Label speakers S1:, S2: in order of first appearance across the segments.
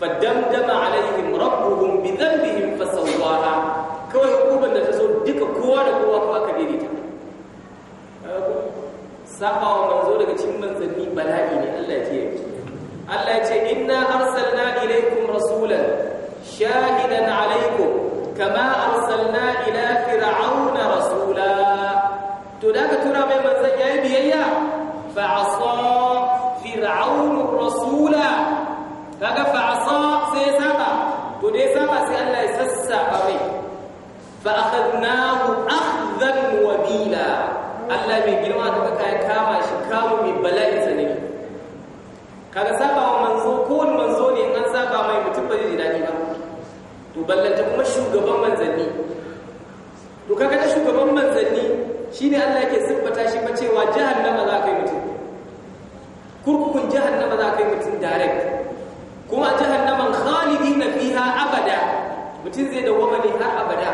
S1: فدمدم عليهم ربهم بذنبهم فسواها kawai hukumar da ta zo duka kowa da kowa kuma aka gani ta saba wa manzo daga cikin manzanni bala'i ne Allah ya ce Allah ya ce inna arsalna ilaykum rasulan shahidan alaykum kama arsalna ila fir'auna rasula to da ka tura mai manzan yayi biyayya fa asa fir'aunu rasula kaga fa asa sai saba to dai saba sai Allah ya sassaba mai fa akhadnahu akhdan wabila Allah mai girma da kaka ya kama shi kawo mai bala'i sanani kaga saba wa manzo ko manzo ne an saba mai mutum ba zai dadi ba to ballanta kuma shugaban manzanni to kaga da shugaban manzanni shine Allah yake siffata shi ba cewa jahannama za ka yi mutum kurkukun jahannama za ka yi mutum direct kuma jahannaman khalidina fiha abada mutum zai dawwama ne har abada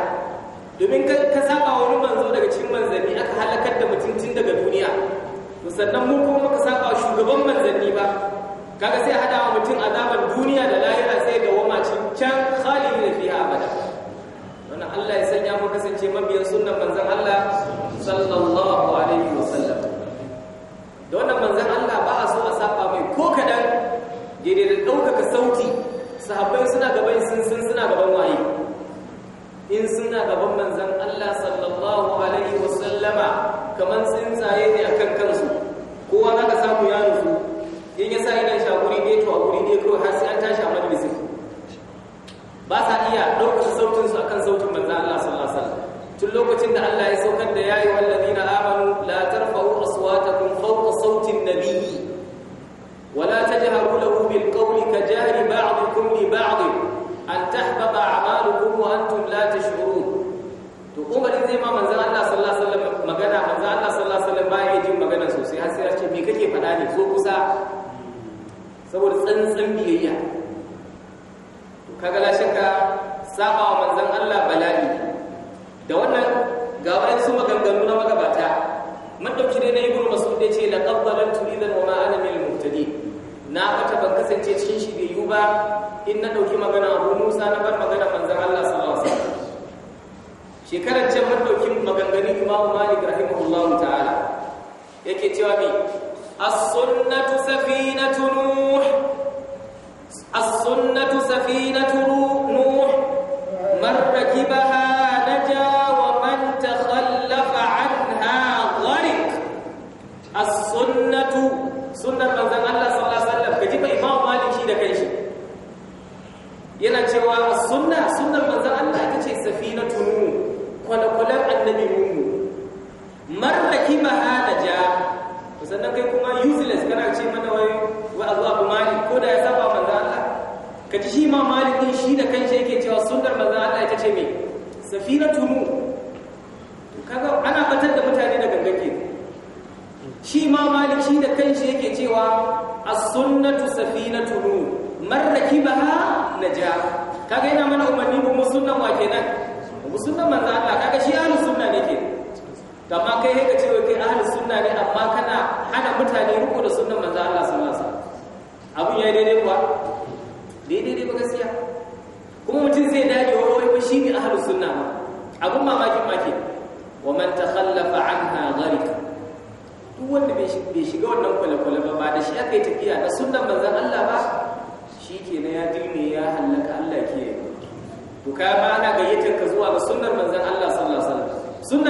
S1: domin ka saba wani manzo daga cikin manzanni aka halakar da mutum tun daga duniya to sannan mu kuma ka saba shugaban manzanni ba
S2: kaga sai hada wa mutum
S1: azaban duniya da lahira sai dawwama can khalidina fiha abada wannan Allah ya sanya mu kasance mabiyan sunnan manzon Allah sallallahu alaihi wasallam da wannan manzon Allah daidai da ɗaukaka sauti sahabbai suna gaban sun sun suna gaban waye in suna gaban manzan Allah sallallahu alaihi wasallama kaman tsuntsaye ne akan kansu kowa zaka samu ya nufu in ya sa idan shaguri ne to a guri ne kawai har sai an tashi a majalisi ba sa iya ɗaukaka sautinsu akan sautin manzan Allah sallallahu alaihi wasallam tun lokacin da Allah ya saukar da yayi wallahi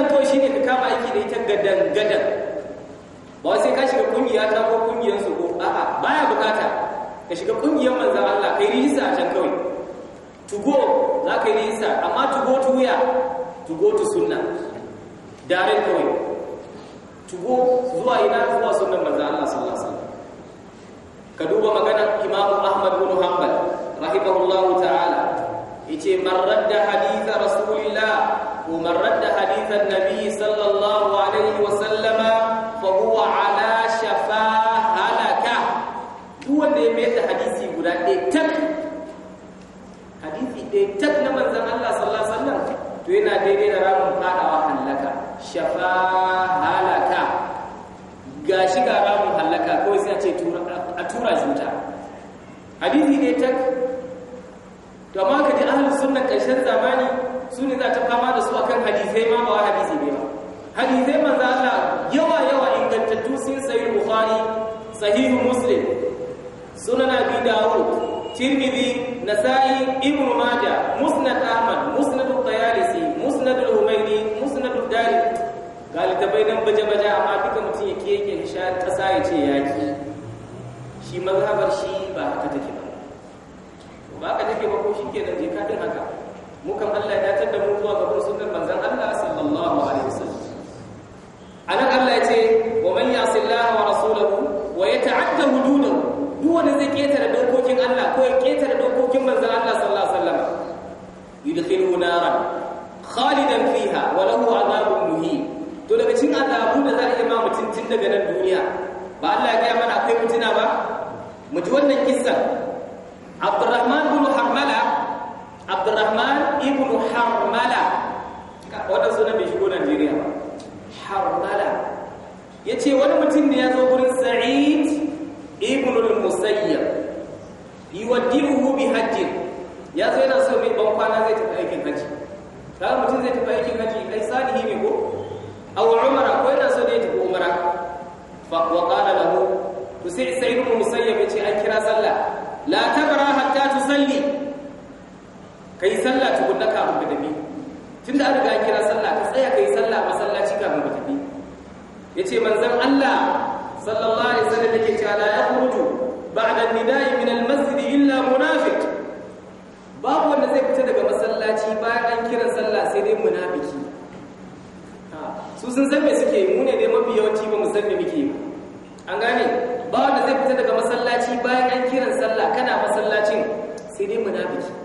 S1: wannan kawai ne ka kama aiki da ita gadan gadan ba sai ka shiga kungiya ta ko kungiyar su ko a'a baya bukata ka shiga kungiyar manzon Allah kai rijista a can kawai to go za ka yi rijista amma to go to wuya to go to sunna direct kawai to go zuwa ina zuwa sunnan manzon Allah sallallahu alaihi wasallam ka duba maganar Imam Ahmad bin Hanbal rahimahullahu ta'ala yace man radda haditha rasulillah ومن رد حديث النبي صلى الله عليه وسلم فهو على شفا هلك هو اللي يميت حديثي غدا تك حديثي تك من زمان الله صلى الله عليه وسلم توينا ديدين رامن قال وحلكة شفا هلكة gashi ga ramin halaka kawai sai a ce a tura zuta hadisi ne tak to amma ka ji ahlus sunna karshen zamani su ne za ta fama da su akan hadisai ma ba hadisi ne ba hadisai manzo Allah yawa yawa ingantattu sun sayi bukhari sahih muslim sunan abi daud tirmidhi nasa'i ibn majah musnad ahmad musnad at-tayalisi musnad al-humaydi musnad ad-dari ta nan baje baje amma duka mutum yake yake nishan kasa yace yaki shi mazhabar shi ba haka take ba ba haka take ba ko shi nan je ka haka mukan Allah ya datar da mu zuwa ga bin manzon Allah sallallahu alaihi wasallam anan Allah ya ce wa man ya'si Allah wa rasulahu wa yata'adda hududahu duk wanda zai ketare dokokin Allah ko ya ketare dokokin manzon Allah sallallahu alaihi wasallam yudkhilhu naran khalidan fiha wa lahu adhabun muhin to daga cikin azabu da za a yi ma mutum tun daga nan duniya ba Allah ya ga mana akwai mutuna ba mu ji wannan kissa Abdurrahman bin Hammala abdurrahman ibn harmala wannan sunan bai shigo najeriya ba harmala ya ce wani mutum ne ya zo wurin sa'id ibn al-musayyab yuwaddi'uhu bi hajji ya zo yana so mai ban kwana zai tafi aikin haji kaga mutum zai tafi aikin haji kai salihi ne ko aw umara ko yana so ne tafi umara fa wa qala lahu to sai sa'id ibn al-musayyab ya ce an kira sallah la tabra ka yi sallah tukunna kafin ka tafi tun da an riga kira sallah ka tsaya ka yi sallah masallaci kafin ka tafi ya ce manzan Allah sallallahu alaihi wasallam yake cewa la yakhruju ba'da nida'i min al-masjid illa munafiq babu wanda zai fita daga masallaci bayan an kira sallah sai dai munafiki su sun san me suke mu ne dai mafi yawanci ba mu san me muke ba an gane babu wanda zai fita daga masallaci bayan an kira sallah kana masallacin sai dai munafiki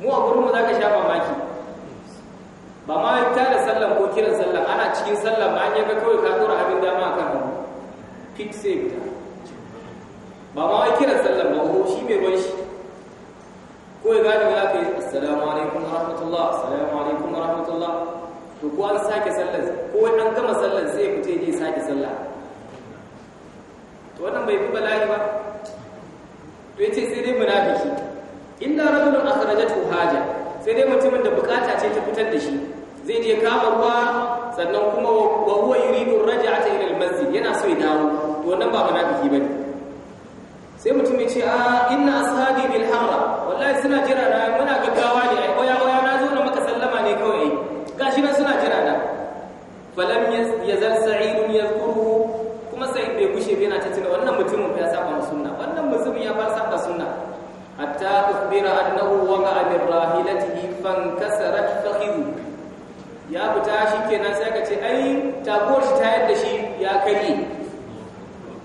S1: mu a gurinmu za ka sha mamaki ba ma ta da sallan ko kiran sallan ana cikin sallan ba an yaga kawai ka tura abin dama a kan hannu fit save ta ba ma wai kiran sallan ba ko shi mai ban shi ko ya gane ya kai assalamu alaikum wa rahmatullah assalamu alaikum wa rahmatullah to ko an sake sallan ko wai an gama sallan sai ya fita ya je sake sallah to wannan bai fi bala'i ba to ya ce sai dai munafiki illa rajulun akhrajathu haja sai dai mutumin da bukata ce ta fitar da shi zai je kama ruwa sannan kuma wa huwa yuridu raj'ata ila al yana so ya dawo to wannan ba munafiki bane sai mutum ya ce a inna ashabi bil hamra wallahi suna jira na muna gaggawa ne ai oya oya na zo na maka sallama ne kawai ai gashi na suna jira na falam yazal sa'id yadhkuruhu kuma sa'id bai gushe yana ta tuna wannan mutumin ya saba حتى أخبر أنه وقع من راحلته فانكسرت فخذه ya fita shi kenan sai ka ce ai taguwar ta yadda shi ya karye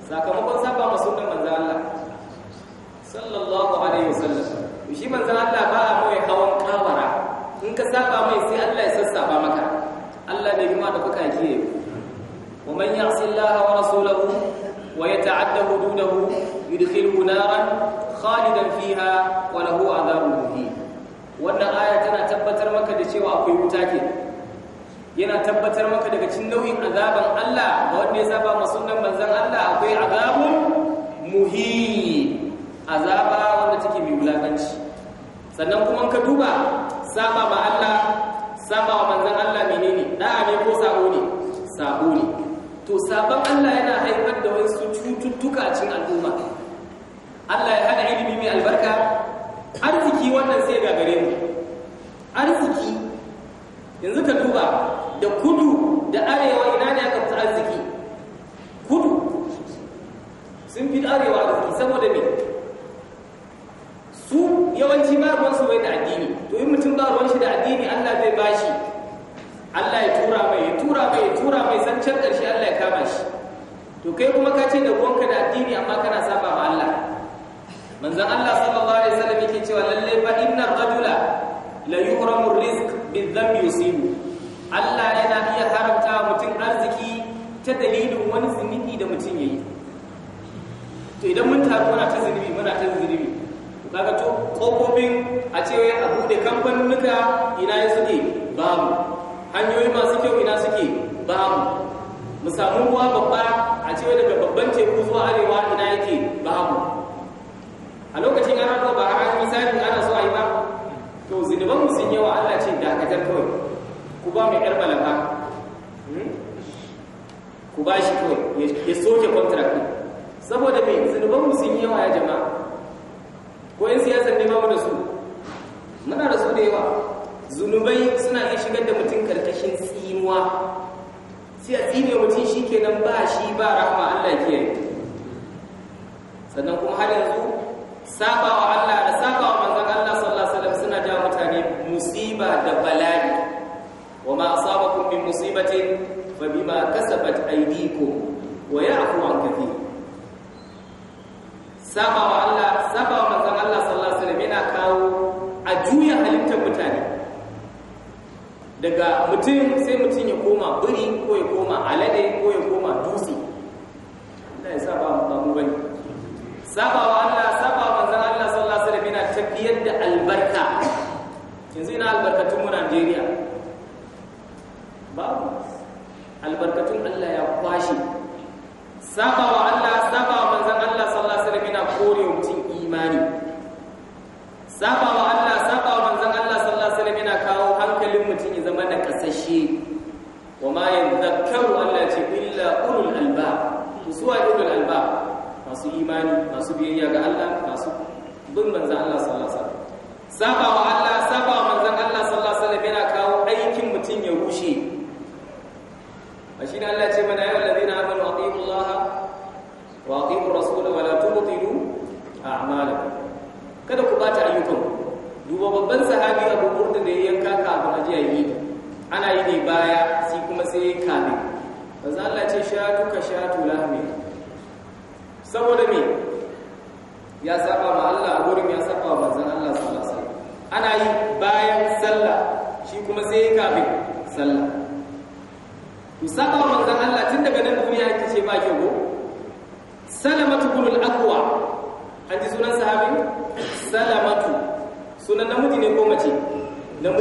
S1: sakamakon saba ma sunan manzan Allah sallallahu alaihi wasallam shi manzan Allah ba a mai hawan kawara in ka saba mai sai Allah ya sassaba maka Allah bai bima da kuka ji wa man ya'si Allah wa rasulahu wa da hududahu khalidan fiha wa lahu adhabun muhin wannan aya tana tabbatar maka da cewa akwai wuta ke yana tabbatar maka daga cikin nauyin azaban Allah ga wanda ya saba ma sunnan manzon Allah akwai azabun muhin azaba wanda take mai wulakanci sannan kuma ka duba saba ma Allah saba wa manzon Allah menene da'a ne ko sabo ne sabo ne to sabon Allah yana haifar da wasu cututtuka cikin al'umma Allah ya hada ilimi mai albarka arziki wannan sai ga gare mu arziki yanzu ka duba da kudu da arewa ina ne aka fi arziki kudu sun fi arewa arziki saboda mai dawo da su muna da su da yawa zunubai suna iya shigar da mutum karkashin tsinuwa sai a tsine mutum shi kenan ba shi ba rahama Allah ke sannan kuma har yanzu saba Allah da saba wa Allah sallallahu alaihi wasallam suna jawo mutane musiba da bala'i wa ma asabakum min musibatin fa bima kasabat aydikum wa ya'fu an kathir saba Allah saba a juya halittar mutane daga mutum sai mutum ya koma buri ko ya koma alade ko ya koma dutse Allah ya saba mu ba mu bane sabawa Allah saba manzon Allah sallallahu alaihi wasallam yana tafiyar da albarka yanzu ina albarkatun mu Najeriya ba albarkatun Allah ya kwashe sabawa Allah saba manzon Allah sallallahu alaihi wasallam yana kore mutum imani sabawa masu imani masu biyayya ga Allah masu bin manzan Allah sallallahu alaihi wasallam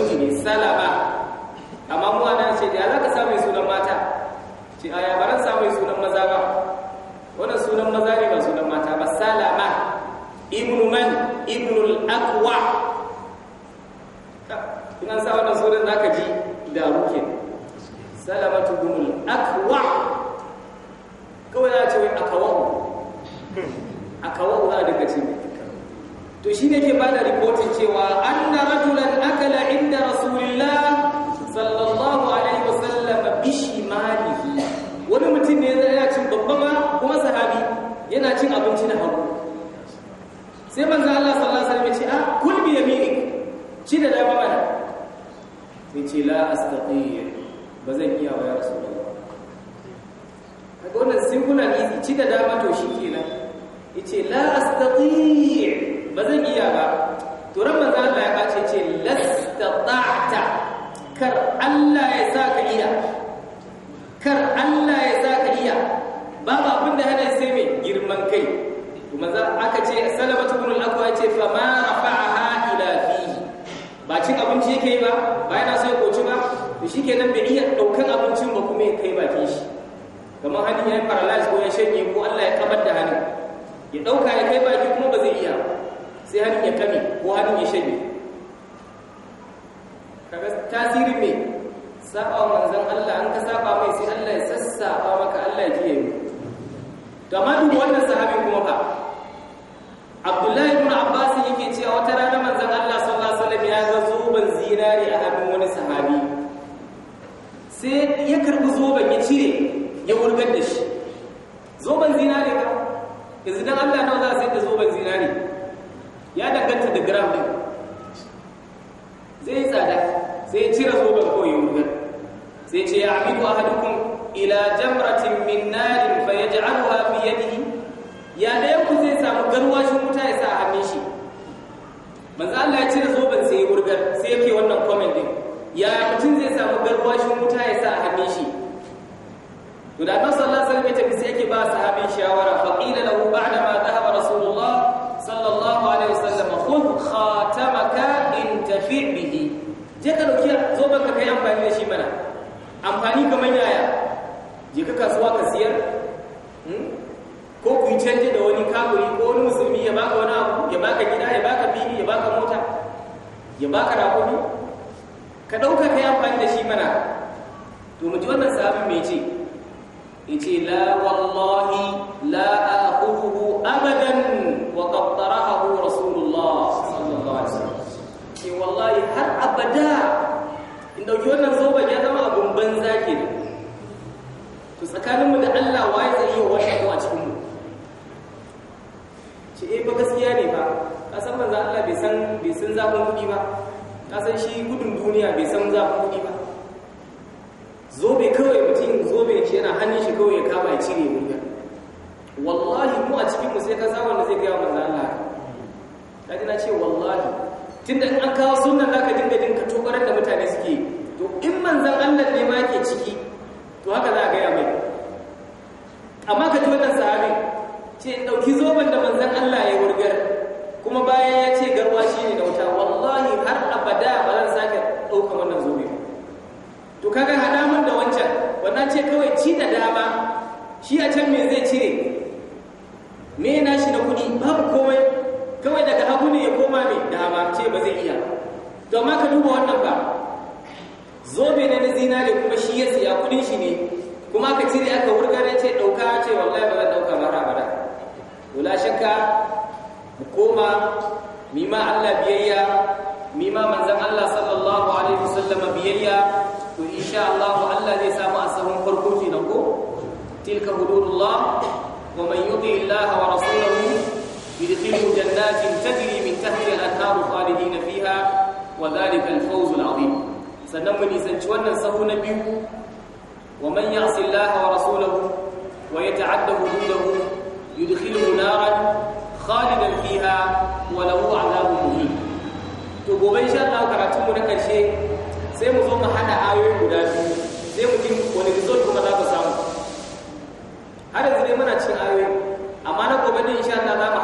S1: namiji ne salama amma mu ana ce da za ka mai sunan mata ce a ya baran sa sunan maza ba wannan sunan maza ne ba sunan mata ba salama ibnu man ibnu al-aqwa in sa wannan sunan zaka ji da ruke salamatu ibnu al-aqwa kawai ya ce wai akawu? akawa za a dinga ce to shi ne ke ba da cewa an na rajulan akala inda rasulillah sallallahu alaihi wasallam bishi malihi wani mutum ne yana cin babba ma kuma sahabi yana cin abinci na hagu sai manzo Allah sallallahu alaihi wasallam ya ce ah kul bi yaminik ci da dama mana sai ce la astati ba zan iya wa ya rasulullah kaga wannan singular easy ci da dama to shi kenan yace la astati ba zan iya ba to ran manzo Allah ya bace ce lastata kar Allah ya sa ka iya kar Allah ya sa ka iya babu abin da hana sai mai girman kai to za aka ce salamatu ibn al-aqwa ya ce fa ma rafa'aha ila fi ba cin abinci yake ba ba yana so ya koci ba to shikenan bai iya daukan abincin ba kuma ya kai ke shi kamar hannun ya yi paralyze ko ya shanye ko Allah ya kabar da hannun ya dauka ya kai baki kuma ba zai iya ba sai hannun ya kame ko hannun ya shanye kaga tasirin me saba manzon Allah an ka saba mai sai Allah ya sassaba maka Allah ya jiye mu to amma duk wannan sahabi kuma fa Abdullahi ibn Abbas yake cewa wata rana manzon Allah sallallahu alaihi wasallam ya ga zuban zinari a hannun wani sahabi sai ya karbi zoban ya cire ya wurgar da shi zoban zinari ka yanzu dan Allah nawa za a sayar da zoban zinari ya danganta da gram din zai tsada sai cire zoben koyi wutar sai ce ya amidu ahadukum ila jamratin min narin fa yaj'alha fi yadihi ya da ku zai samu garwashin wuta ya sa a hannun shi manzo Allah ya cire zoben sai wurgar sai yake wannan komen din ya mutum zai samu garwashin wuta ya sa a hannun shi to da Annabi sallallahu alaihi wasallam ya tafi sai yake ba sahabin shawara fa qila lahu ba'da ma je ka dauki zoben ka kai amfani da shi mana amfani kamar yaya je ka kasuwa ka siyar hmm? ko ku yi da wani kaburi ko wani musulmi ya baka wani abu ya baka gida ya baka fili ya baka mota ya baka rakumi ka dauka kai amfani da shi mana to mu ji wannan sabon mai ce ce la wallahi la aqulu abadan wa qattarahu rasul wallahi har abada in dauki wannan zoban ya zama abin banza ke da to tsakaninmu da Allah waye zai yi wasa a cikin mu ce eh ba gaskiya ne ba ka san manzo Allah bai san bai san zafin kudi ba ka san shi gudun duniya bai san ku kudi ba zobe kawai mutum zobe ce yana hannun shi kawai ya kama ya cire mu wallahi mu a cikin mu sai ka sa wanda zai ga manzo Allah kaji na ce wallahi tunda an kawo sunan zaka dinga dinka tobarar da mutane suke to in manzan Allah ne ma yake ciki to haka za a gaya mai amma ka ji wannan sahabi ce dauki zoban da manzan Allah ya wurgar kuma bayan ya ce garwa shi ne da wuta wallahi har abada ba zan sake ɗaukar wannan zobe to kaga hada mun da wancan wannan ce kawai ci da dama shi a can me zai cire me na shi na kuɗi babu komai kawai daga hagu ne ya koma mai da ce ba zai iya don ma ka duba wannan ba zobe ne na zinare kuma shi ya saya, kudin shi ne kuma ka cire aka wurga ya ce dauka ce wallahi ba zan dauka ba ra bara wala shakka mu koma mi ma Allah biyayya mi ma manzon Allah sallallahu alaihi wasallam biyayya to insha Allah Allah zai samu asabun farko kenan ko tilka hududullah wa man yuti Allah wa rasulahu يدخله جنات تجري من تحتها الانهار خالدين فيها وذلك الفوز العظيم sannan mu nisanci wannan sahu na biyu wa man ya'si Allah wa rasulahu wa yata'adda hududahu yudkhiluhu wa to gobe insha Allah karatun mu na karshe sai mu zo mu hada ayoyi guda biyu sai mu ji wani result kuma za ka samu har yanzu dai muna cin ayoyi amma na gobe din insha Allah za mu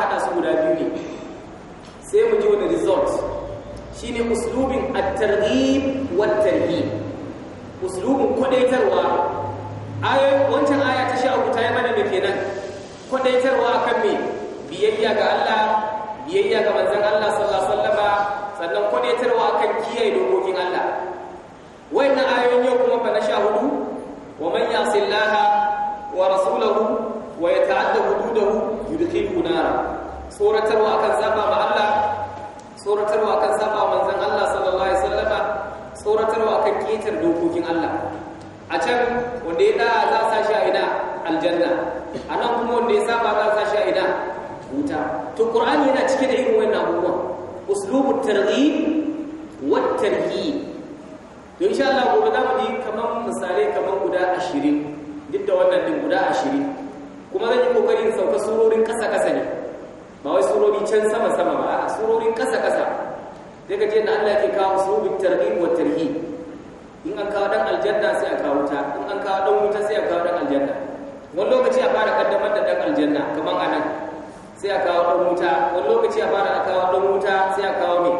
S1: ne sai mu ji wani result shine uslubin at-targhib wa tarhib uslubin kwadaitarwa wancan aya ta sha uku ta yi mana me kenan kwadaitarwa akan me biyayya ga Allah biyayya ga manzon Allah sallallahu alaihi sannan kwadaitarwa kan kiyaye dokokin Allah wayannan ayoyin yau kuma fa na sha hudu wa man yasillaha wa rasulahu wa yata'adda hududahu yudkhilhu nara tsoratarwa akan saba ma Allah tsoratarwa akan saba manzon Allah sallallahu alaihi wasallama tsoratarwa akan ketar dokokin Allah a can wanda ya da za sa shi a ina aljanna a nan kuma wanda ya saba za sa shi a ina wuta to qur'ani yana cike da irin wannan abubuwan uslubut targhib wat tarhib to insha Allah gobe za mu yi kaman misalai kaman guda 20 duk da wannan din guda 20 kuma zan yi kokarin sauka surorin kasa kasa ne ba wai surori can sama sama ba a surorin kasa kasa sai ka na Allah ke kawo surubin tarhib wa tarhi in an kawo dan aljanna sai a kawo ta in an kawo dan wuta sai a kawo dan aljanna wani lokaci a fara kaddamar da dan aljanna kamar anan sai a kawo dan wuta wani lokaci a fara a kawo dan wuta sai a kawo ne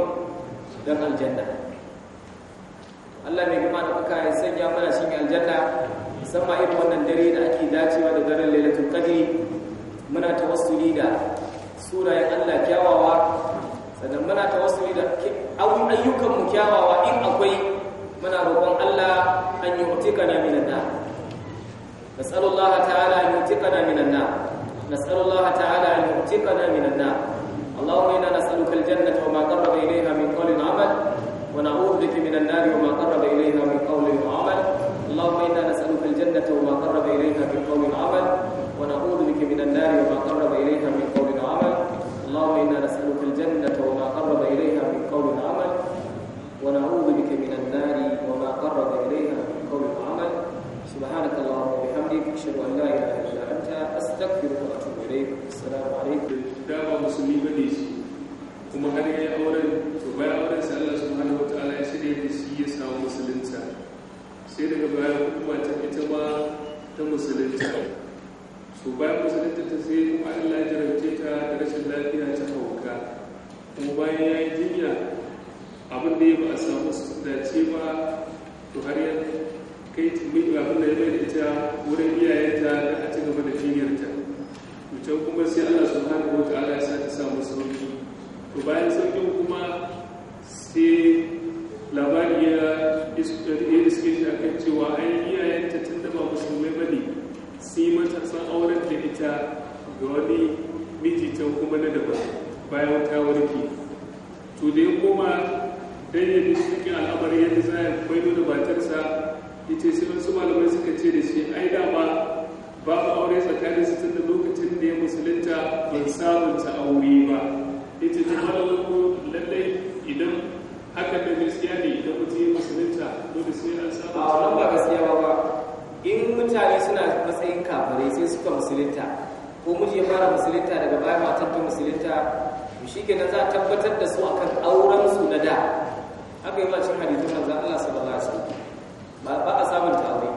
S1: dan aljanna Allah mai gama da kuka ya sanya mana shi aljanna musamman irin wannan dare da ake dacewa da daren lailatul qadri muna tawassuli da sunayen Allah kyawawa sannan muna tawassuli da ayyukan mu kyawawa in akwai muna roƙon Allah an yu'tikana minan nar nas'alullah ta'ala an yu'tikana minan nar nas'alullah ta'ala an yu'tikana minan nar اللهم انا نسالك الجنه وما قرب اليها من قول عمل ونعوذ بك من النار وما قرب اليها من قول وعمل اللهم انا نسالك الجنه وما قرب اليها من قول عمل ونعوذ بك من النار وما قرب اليها إنا نسألك الجنة وما قرب إليها من قول وعمل ونعوذ بك من النار وما قرب إليها من قول وعمل سبحانك اللهم وبحمدك أشهد
S3: أن لا إله إلا أنت أستغفرك وأتوب إليك السلام عليكم dama musulmi ba ne shi kuma har ya auren to bayan auren sa Allah subhanahu wataala ya shirya da shi ya samu musulunta to bayan musulunta ta sai kuma allah ya jarabce ta da rashin lafiya ta hauka kuma bayan ya yi jinya abin da ya ba a samu su dace ba to har ya kai tumbi ba abin da ya mai ita wurin iyayenta da a ci gaba da jinyarta ta can kuma sai allah subhanahu wa ta'ala ya sa ta samu sauki to bayan saukin kuma sai labari ya iske shi akan cewa an iyayenta tun da ba musulmai ba ne sai mata sun auren da ita ga wani miji can kuma na daban bayan ta warke to da ya koma dan ya cikin al'amarin yadda za a kwai da matarsa ita sai wasu malamai suka ce da shi ai dama a aure tsakanin su tun da lokacin da ya musulunta ban sabunta aure ba ita ta malamai lallai idan haka da gaskiya ne idan mutum ya musulunta dole
S2: sai an sabunta a ba gaskiya ba
S3: in mutane suna matsayin
S1: kafirai sai suka musulunta ko miji ya fara musulunta daga baya matar ta musulunta shi ke za a tabbatar da su akan auren su na da haka yi cin hadithin manzan
S3: Allah sallallahu alaihi wasallam ba a samun ta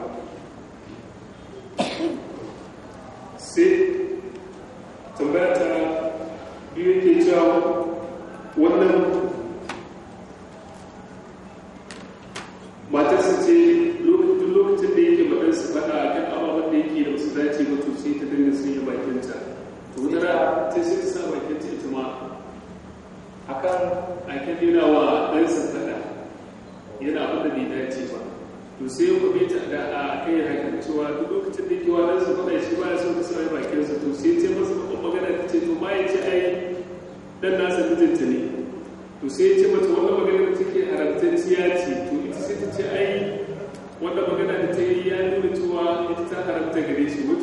S3: Beispiel gewesen,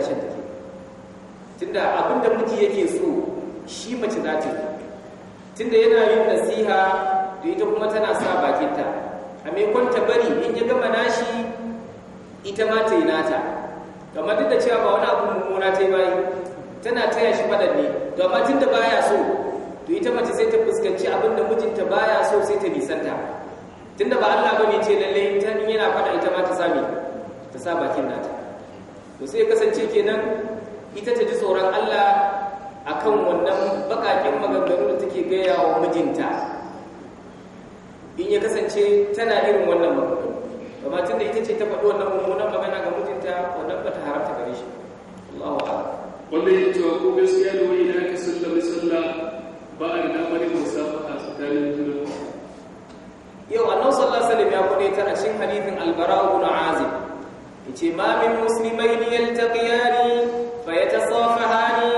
S1: ƙarshen take tunda abin da miji yake so shi mace za ta tunda yana yin nasiha to ita kuma tana sa bakinta a maimakon ta bari in ya gama nashi ita ma ta yi nata kamar duk da cewa ba wani abu mummuna ta yi bayi tana taya shi faɗan ne to da ba baya so to ita mace sai ta fuskanci abin da mijinta baya so sai ta nisanta tunda ba Allah bane ce lalle in yana faɗa ita ma ta sami ta sa bakin nata to sai kasance kenan ita ta ji tsoron Allah akan wannan bakakin maganganu da take gaya wa mijinta in ya kasance tana irin wannan maganganu amma tunda ita ce ta faɗi wannan mummunan magana ga mijinta
S3: wannan ba ta haramta gare shi Allahu akbar wanda ya ce ko gaskiya da wani idan ka sallama sallah ba a da wani a tsakanin juna
S1: yau annabi sallallahu alaihi wasallam ya faɗi ta a cikin hadithin al-bara'u bin azib yace ma min muslimaini yaltaqiyani fayatasafahani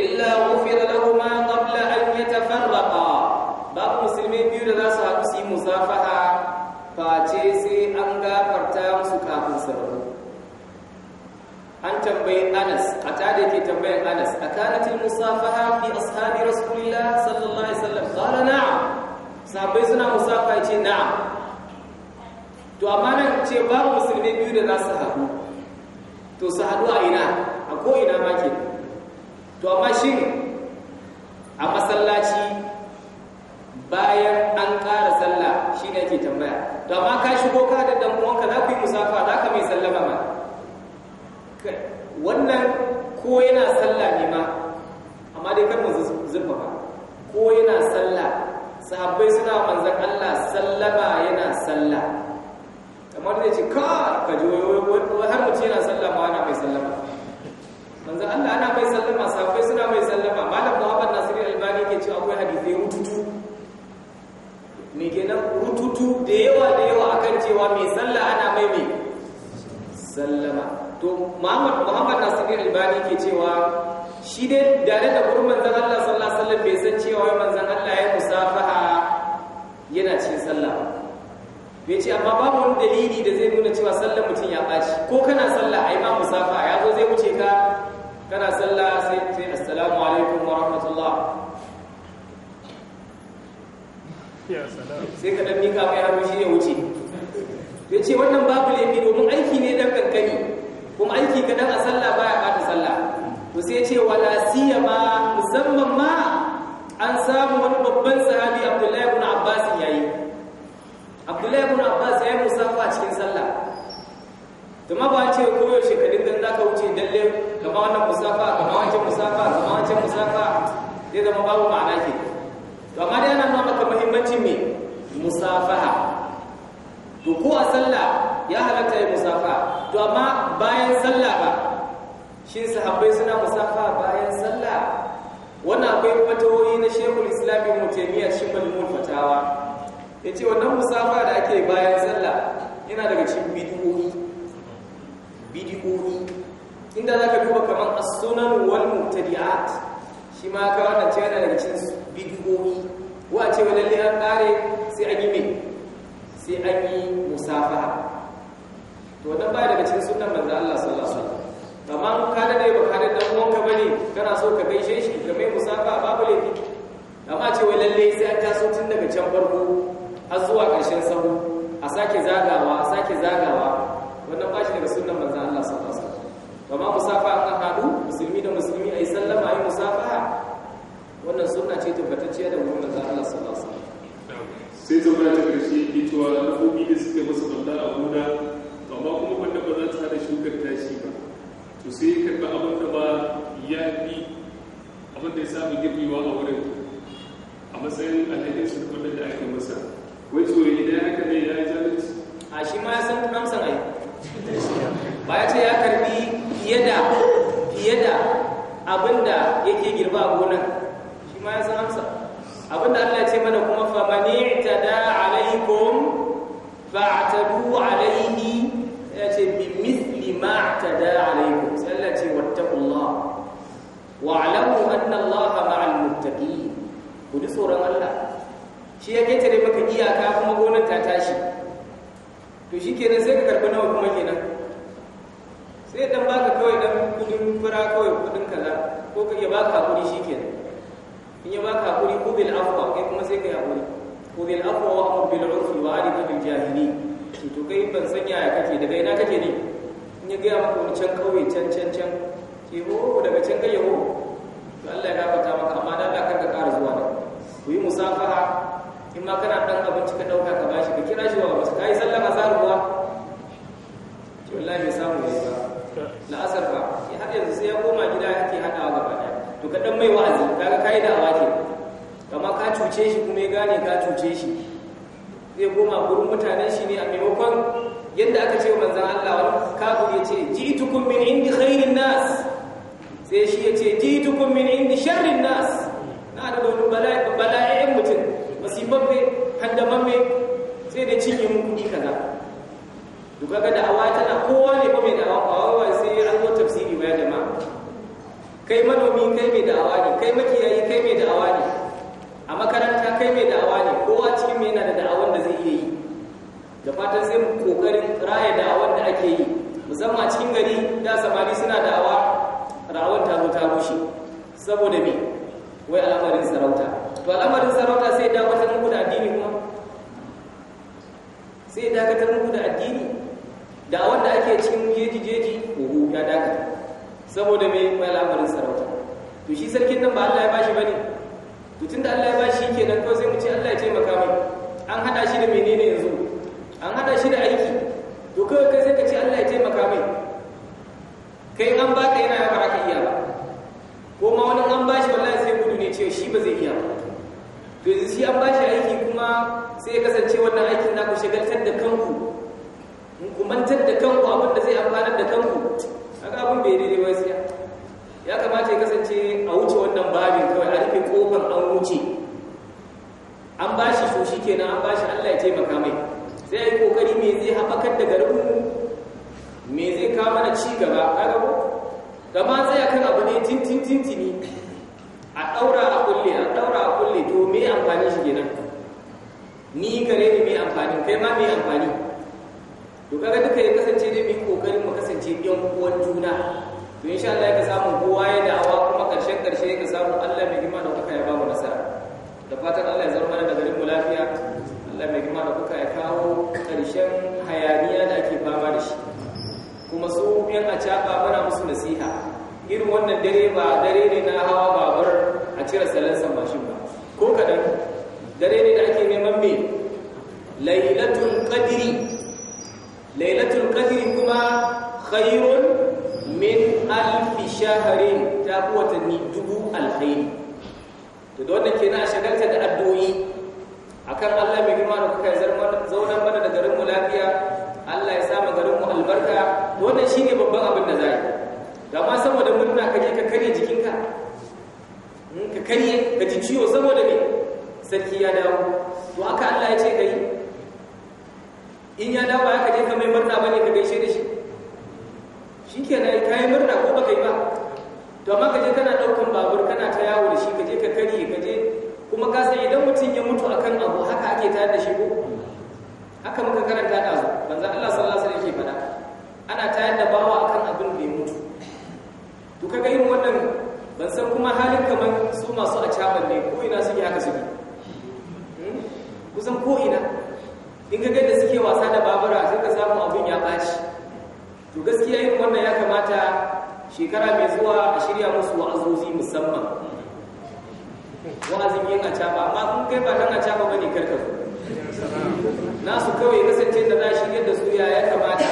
S1: illa ghufira lahumā qabla an yatafarraqā babu musulmai biyu da za su haɗu su yi musafaha face sai an gafarta musu kafin su an tambayi Anas a tada yake tambayar Anas akanatil musafaha fi ashabi rasulillah sallallahu alaihi wasallam qala na'am sahabbai suna musafa yace to amma na ce babu musulmi biyu da za su haɗu to su haɗu a ina a ko ina ma ke to amma shi a masallaci bayan an ƙara sallah shi ne ke tambaya to amma ka shigo ka da damuwan ka za ku yi musafa za ka mai sallama ma wannan ko yana sallah ne ma amma dai kan mu zurfa ba ko yana sallah sahabbai suna manzan Allah sallama yana sallah kamar zai ce ka ka ji har mutum yana sallama ana mai sallama
S2: manzo Allah ana mai
S1: sallama safai suna mai sallama malam Muhammad Nasir Albani ke cewa akwai hadisi rututu mai kenan rututu da yawa da yawa akan cewa mai salla ana mai mai sallama to Muhammad Muhammad Albani ke cewa shi dai dare da gurin manzan Allah sallallahu alaihi bai san cewa manzan Allah ya musafaha yana cin sallama. bai ce amma babu wani dalili da zai nuna cewa sallar mutum ya ɓaci ko kana sallah a yi ma musafa ya zo zai wuce ka kana sallah sai ce assalamu alaikum wa rahmatullah sai ka ɗanmi mika mai hannu shi ne wuce ya ce wannan babu laifi domin aiki ne dan kankani kuma aiki kaɗan a sallah baya ɓata sallah to sai ce wala ma musamman ma an samu wani babban sahabi abdullahi ibn abbas yayi abdullahi ibn abbas ya yi musafa cikin sallah ma ba a ce ko yaushe ka dinga za ka wuce dalle kama wannan musafa kama wancan musafa kama wancan musafa zai zama babu ma'ana ke to amma dai ana nuna maka muhimmancin me musafaha to ko a sallah ya halatta ya musafa to amma bayan sallah ba shi sahabbai suna musafa bayan sallah wannan akwai fatawoyi na shekul islam ibn taymiyyah shi majmul fatawa ya ce wannan musafa da ake bayan sallah yana daga cikin bidiyoyi bidiyoyi inda za ka duba kamar asunan wal mutadiyat shi ma ka wannan ce yana daga cikin bidiyoyi wa ce wa lalle an kare sai an yi me sai an yi musafa to wannan baya daga cikin sunan manzo Allah sallallahu alaihi wasallam amma ka da dai ba ka da dan uwanka bane kana so ka gaishe shi ka mai musafa babu laifi amma ce wai lalle sai an taso tun daga can farko har zuwa ƙarshen
S2: sahu a sake zagawa a sake zagawa
S1: wannan ba shi daga sunan manzan Allah sallallahu alaihi ba ma musafa an haɗu musulmi da musulmi a yi sallama a yi musafa
S3: wannan suna ce tabbatacciya da wurin manzan Allah sallallahu alaihi wasallam sai zama ta ƙarshe ke cewa dabbobi da suke masa banda a gona amma kuma wanda ba za ta hada shukar tashi ba to sai karɓi abin da ba ya fi abin da ya samu girbewa a wurin a matsayin alhakin shi kuma da ake masa wai tsoro idan haka ne ya yi zalunci a shi ma san amsa ai ba ya ce ya
S2: karbi fiye da
S1: fiye da abinda yake girba a gonar shi ma ya san amsa abinda Allah ya ce mana kuma famani ta da mani ba a tabu alaihi ya ce bi mithli ta da alaikum sai Allah ce wattaqullah wa'lamu anna Allah ma'al muttaqin ku ji tsoron Allah shi ya ketare maka iyaka kuma gonar ta tashi to shi kenan sai ka karɓi nawa kuma kenan sai dan baka kawai dan kudin fura kawai kudin kaza ko ka ya baka hakuri shi kenan in ya baka hakuri ko bil afwa kai kuma sai ka yi hakuri ko bil afwa wa amr bil urfi wa arif bil jahili to kai ban san yaya kake daga ina kake ne in ya gaya maka wani can kauye can can can ke ho daga can ga yaho to Allah ya gafarta maka amma dan Allah kar ka ƙara zuwa nan. ku yi musafaha in ma kana dan abinci ka dauka ka bashi ka kira shi wa wasu kai sallan azhar ruwa
S2: to wallahi ya samu ne ba la asar ba sai har yanzu sai ya koma gida yake hadawa gaba daya to ka dan mai wa'azi kaga kai da wake
S1: kama ka cuce shi kuma ya gane ka cuce shi zai koma gurin mutanen shi ne a maimakon yadda aka ce manzan Allah wani kafin ya ce ji tukun min indi khairin nas sai shi ya ce ji tukun min indi sharrin nas na da wani bala'i mamme haddamamme sai da cinye mu kudi kaza to kaga da awa tana kowa ne ba mai da awa ba sai an zo tafsiri ba jama'a kai manomi kai mai da ne kai makiyayi kai mai da ne a makaranta kai mai da ne kowa cikin mai yana da da'awar da zai iya yi da fatan sai mu kokarin raya da'awar da ake yi musamman cikin gari da samari suna da'awa rawar ta zo ta rushe saboda me wai al'amarin sarauta to al'amarin sarauta sai dakatar muku da addini kuma sai dakatar muku da addini da wanda ake cikin jeji-jeji oho ya dakata saboda mai mai al'amarin sarauta to shi sarkin nan ba Allah ya bashi bane to tunda Allah ya bashi yake nan to sai mu ce Allah ya taimaka mai an hada shi da menene yanzu an hada shi da aiki to kai kai sai ka ce Allah ya taimaka mai kai an baka yana ya baraka iya ba ko ma wani an bashi wallahi sai gudu ne ce shi ba zai iya ba to yanzu shi an shi aiki kuma sai ya kasance wannan aikin na ku shagaltar da kanku ku da kanku abin da zai amfanar da kanku haka abin bai daidai ba gaskiya ya kamata ya kasance a wuce wannan babin kawai a rufe kofar an wuce an bashi so kenan an bashi Allah ya taimaka mai sai ai kokari me zai habakar da garin me zai kawo mana ci gaba kaga ko gaba zai akan abu ne tintin tintini kai ma mai amfani to kaga duka ya kasance da mu kokarin mu kasance yan uwan juna to insha Allah ya samu kowa ya da'awa kuma karshen karshe ya samu Allah mai himma da kuka ya ba mu nasara da fatan Allah ya zama da garin mu lafiya Allah mai himma da kuka ya kawo karshen hayaniya da ake fama da shi kuma su yan a caba muna musu nasiha irin wannan dare ba dare ne na hawa babur a cire salansa mashin ba ko kadan dare ne da ake neman me lailatul qadri lailatul qadri kuma khairun min alf shahrin ta fi watanni dubu alkhairi to da wannan na a shagalta da addu'o'i akan Allah mai girma da kuka zaunar mana da garin mu lafiya Allah ya sa mu garin mu albarka wannan shine babban abin da zai da ma saboda murna kaje ka kare jikinka in ka kare ka ji ciwo saboda me sarki ya dawo to haka Allah ya ce kai in ya dawo aka ka je ka mai murna bane ka gaishe da shi shikenan ka yi murna ko baka yi ba to amma ka je kana daukan babur kana ta yawo da shi ka je ka kari ka je kuma ka san idan mutum ya mutu akan abu haka ake tayar da shi ko haka muka karanta da su banza Allah sallallahu alaihi wasallam yake faɗa ana tayar da bawa akan abin da ya mutu to kaga irin wannan ban san kuma halin kamar su masu a caban ne ko ina suke haka suke hmm? kusan ko ina in ga ganda suke wasa da babura suka ka samu abin ya ɓaci to gaskiya yin wannan ya kamata shekara mai zuwa a shirya musu wa'azozi musamman wa'azin yin acaba amma kun kai ba dan acaba ne karka zo nasu kawai kasance da za a shirya da su ya ya kamata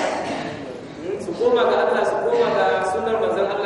S1: su koma ga Allah su koma ga sunar manzan Allah